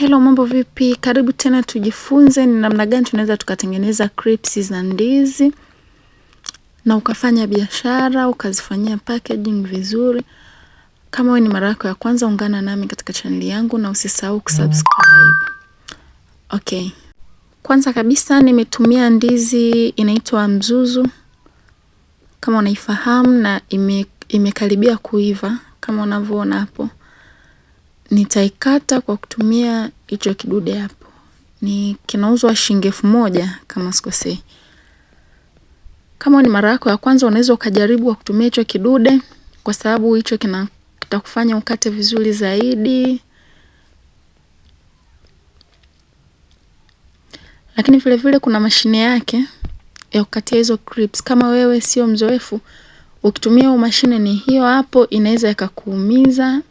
Hello, mambo vipi? Karibu tena tujifunze ni namna gani tunaweza tukatengeneza crisps za ndizi na ukafanya biashara ukazifanyia packaging vizuri. Kama wewe ni mara yako ya kwanza, ungana nami katika chaneli yangu na usisahau kusubscribe. Okay. Kwanza kabisa nimetumia ndizi inaitwa mzuzu kama unaifahamu na ime, imekaribia kuiva kama unavyoona hapo nitaikata kwa kutumia hicho kidude hapo, ni kinauzwa shilingi elfu moja kama sikosei. Kama ni mara yako ya kwanza, unaweza ukajaribu wa kutumia hicho kidude, kwa sababu hicho kina kitakufanya ukate vizuri zaidi. Lakini vile vile kuna mashine yake ya kukatia hizo clips. Kama wewe sio mzoefu, ukitumia mashine ni hiyo hapo, inaweza ikakuumiza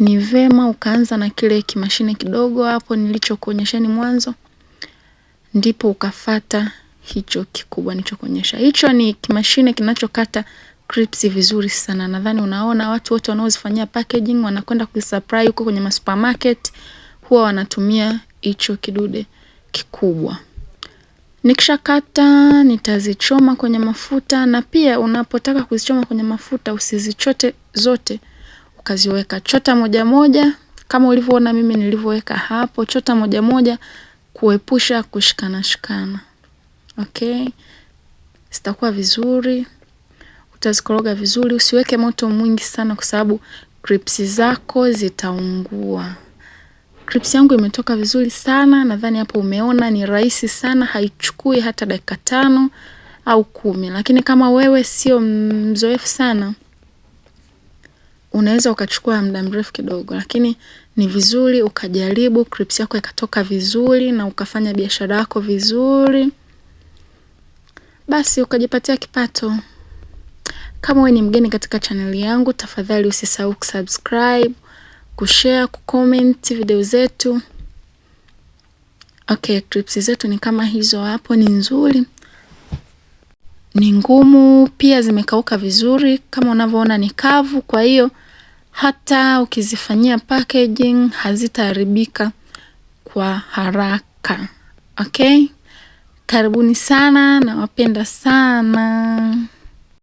ni vema ukaanza na kile kimashine kidogo hapo nilichokuonyeshani mwanzo, ndipo ukafata hicho kikubwa nilichokuonyesha. Hicho ni kimashine kinachokata crisps vizuri sana. Nadhani unaona watu wote wanaozifanyia packaging wanakwenda kusupply huko kwenye masupermarket huwa wanatumia hicho kidude kikubwa. Nikishakata nitazichoma kwenye mafuta, na pia unapotaka kuzichoma kwenye mafuta usizichote zote, ukaziweka chota moja moja kama ulivyoona mimi nilivyoweka hapo, chota moja moja kuepusha kushikana shikana. Okay, zitakuwa vizuri, utazikoroga vizuri. Usiweke moto mwingi sana, kwa sababu crips zako zitaungua. Crips yangu imetoka vizuri sana, nadhani hapo umeona ni rahisi sana, haichukui hata dakika tano au kumi. Lakini kama wewe sio mzoefu sana unaweza ukachukua muda mrefu kidogo, lakini ni vizuri ukajaribu, crypts yako ikatoka vizuri na ukafanya biashara yako vizuri, basi ukajipatia kipato. Kama wewe ni mgeni katika chaneli yangu, tafadhali usisahau kusubscribe, kushare, kucomment video zetu. Okay, crypts zetu ni kama hizo hapo, ni nzuri ni ngumu, pia zimekauka vizuri kama unavyoona ni kavu, kwa hiyo hata ukizifanyia packaging hazitaharibika kwa haraka. Okay, karibuni sana, nawapenda sana.